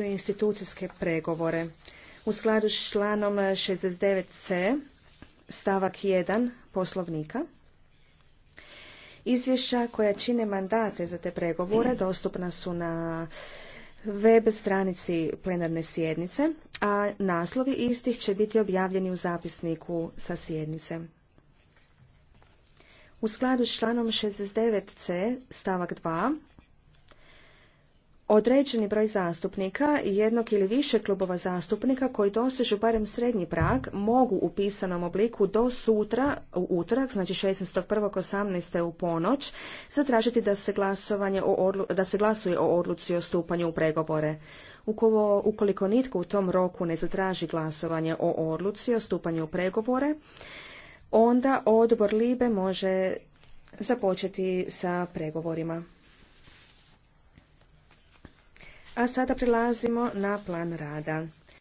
institucijske pregovore. U skladu s članom 69c stavak 1 poslovnika izvješća koja čine mandate za te pregovore dostupna su na web stranici plenarne sjednice, a naslovi istih će biti objavljeni u zapisniku sa sjednice. U skladu s članom 69c stavak 2 određeni broj zastupnika, jednog ili više klubova zastupnika koji dosežu barem srednji prag, mogu u pisanom obliku do sutra, u utorak, znači 16.1.18. u ponoć, zatražiti da se, glasovanje glasuje o odluci o stupanju u pregovore. ukoliko nitko u tom roku ne zatraži glasovanje o odluci o stupanju u pregovore, onda odbor Libe može započeti sa pregovorima. A sada prelazimo na plan rada.